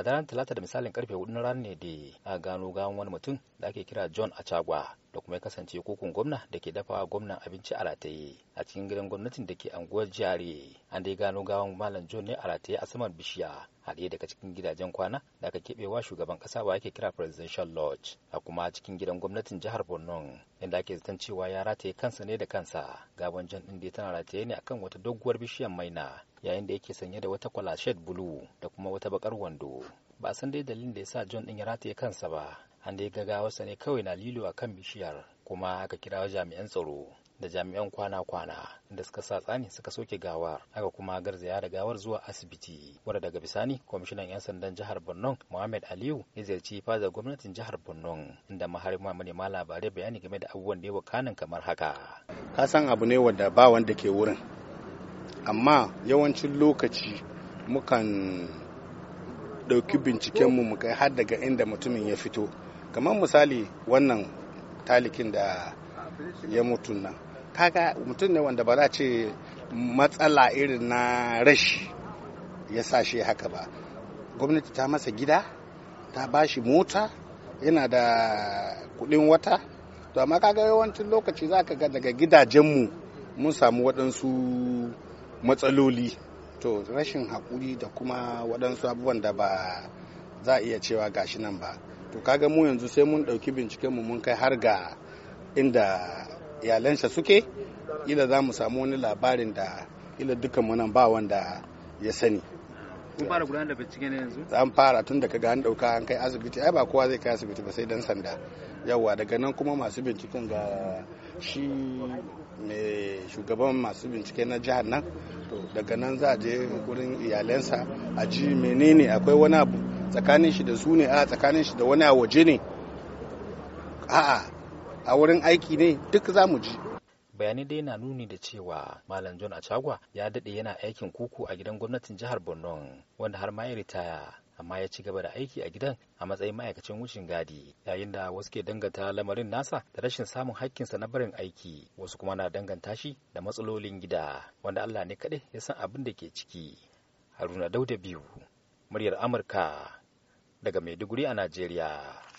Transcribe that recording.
a daren talata da misalin karfe hudu na ranar ne da a gano gawan wani mutum da ake kira john achagua da kuma ya kasance kokon gwamna da ke dafawa gwamnan abinci a rataye a cikin gidan gwamnatin da ke anguwar jare an dai gano gawan malam john ne a rataye a saman bishiya a daga cikin gidajen kwana da aka keɓewa shugaban ƙasa wa ake kira presidential lodge a kuma cikin gidan gwamnatin jihar borno inda ake zaton cewa ya rataye kansa ne da kansa gaban jan ɗin dai tana rataye ne akan wata doguwar bishiyar maina yayin da yake sanye da wata kwalashet bulu da kuma wata bakar wando ba a san dai dalilin da ya sa john ɗin ya rataye kansa ba an dai gagawarsa ne kawai na lilo akan bishiyar kuma aka kira jami'an tsaro da jami'an kwana-kwana da suka sa tsani suka soke gawa aka kuma garzaya da gawar zuwa asibiti wadda daga bisani kwamishinan 'yan sandan jihar borno muhammad aliyu ya ziyarci faza gwamnatin jihar borno inda maharin ma manema labarai bayani game da abubuwan da ya kanin kamar haka ka san abu ne wadda ba wanda ke wurin amma yawancin lokaci mukan ɗauki bincikenmu mu kai har daga inda mutumin ya fito kamar misali wannan talikin da ya mutu nan kaga mutum ne wanda ba za ce matsala irin na rashi ya sa shi haka ba gwamnati ta masa gida ta ba shi mota yana da kudin wata to amma kaga yawancin lokaci za ka ga daga gidajenmu mun samu waɗansu matsaloli to rashin haƙuri da kuma waɗansu abubuwan da ba za a iya cewa gashi nan ba to kaga mu yanzu sai mun ɗauki binciken mu mun kai har ga inda iyalansa suke ila za mu samu wani labarin da ila dukkan munan ba wanda ya sani kun fara gudanar da bincike ne yanzu zan fara tun da kaga an dauka an kai asibiti ai ba kowa zai kai asibiti ba sai dan sanda yawa daga nan kuma masu binciken ga shi mai shugaban masu bincike na jihar nan to daga nan za a je gurin iyalansa a ji menene akwai wani abu tsakanin shi da su ne a tsakanin shi da wani a waje ne a'a a wurin aiki ne duk za mu ji bayanai dai na nuni da cewa malam john achagua ya daɗe yana aikin kuku a gidan gwamnatin jihar borno wanda har ma ya ritaya amma ya ci gaba da aiki a gidan a matsayin ma'aikacin wucin gadi yayin da wasu ke danganta lamarin nasa da rashin samun hakkinsa na barin aiki wasu kuma na danganta shi da matsalolin gida wanda allah ne kaɗai ya san abin da ke ciki haruna dauda biyu muryar amurka daga maiduguri a najeriya